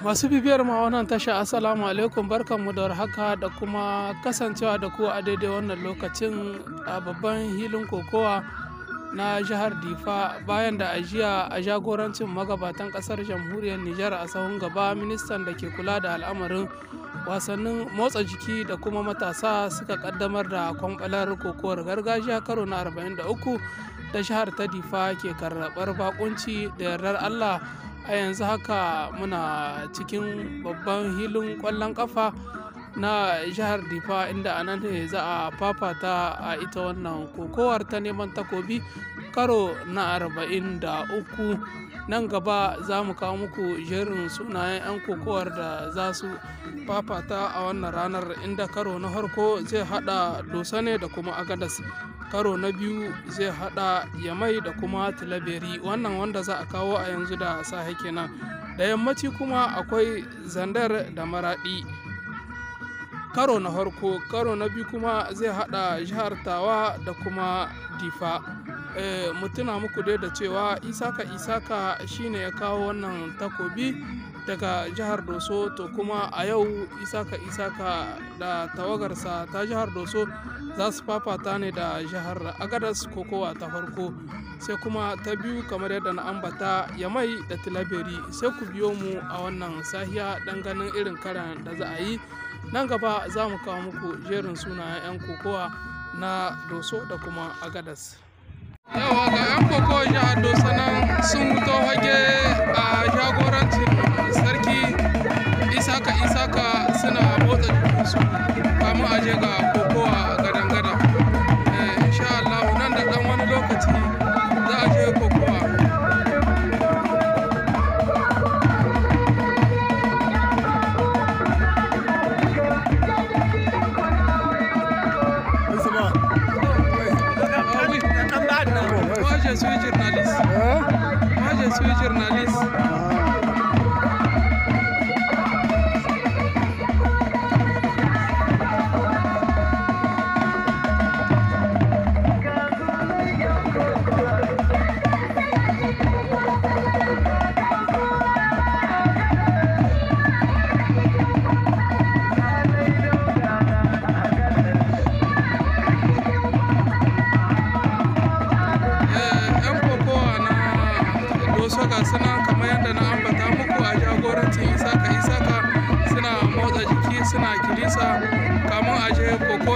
masu bibiyar ma wannan tasha assalamu alaikum mu da warhaka da kuma kasancewa da ku a daidai wannan lokacin a babban hilin kokowa na jihar difa bayan da ajiya a jagorancin magabatan kasar jamhuriyar nijar a sahun gaba ministan da ke kula da al'amarin wasannin motsa jiki da kuma matasa suka kaddamar da kwamfalar kokowar gargajiya karo na 43 da jihar ta difa ke karɓar bakunci da yardar allah a yanzu haka muna cikin babban hilin kwallon kafa na jihar difa inda a nan ne za a fafata a ita wannan kokowar ta neman takobi karo na arba'in da uku nan gaba za mu kawo muku jerin sunayen 'yan kokowar da za su fafata a wannan ranar inda karo na harko zai hada dosane da kuma agadas karo na biyu zai hada yamai da kuma tilaberi wannan wanda za a kawo a yanzu da sahi kenan da yammaci kuma akwai zandar da maradi karo na harko karo na biyu kuma zai hada jihar tawa da kuma difa Eh, mu tuna muku dai da cewa isaka isaka shine ya kawo wannan takobi daga jihar doso to kuma a yau isaka isaka da tawagarsa ta jihar doso za su fafata ne da jihar agadas kokowa ta farko sai kuma ta biyu kamar yadda na ambata ya mai da tilaberi sai ku biyo mu a wannan sahiya dan ganin irin karan da za a yi nan gaba za mu kawo muku jerin suna 'yan kokowa na doso da kuma agadas. yawa ga 'yan koko jihar dosa nan sun je suis journaliste. Hein? Moi, je suis journaliste. Ah.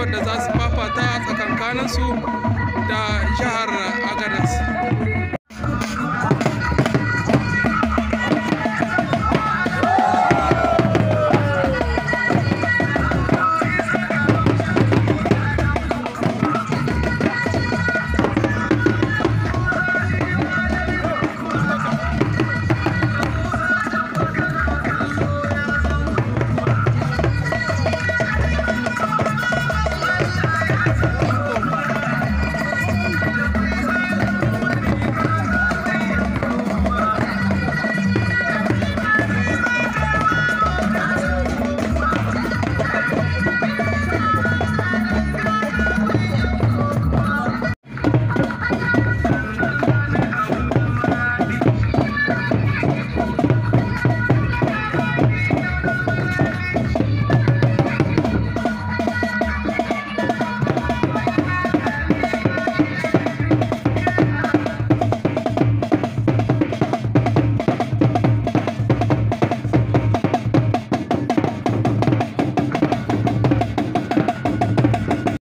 da za su fafata a su da jihar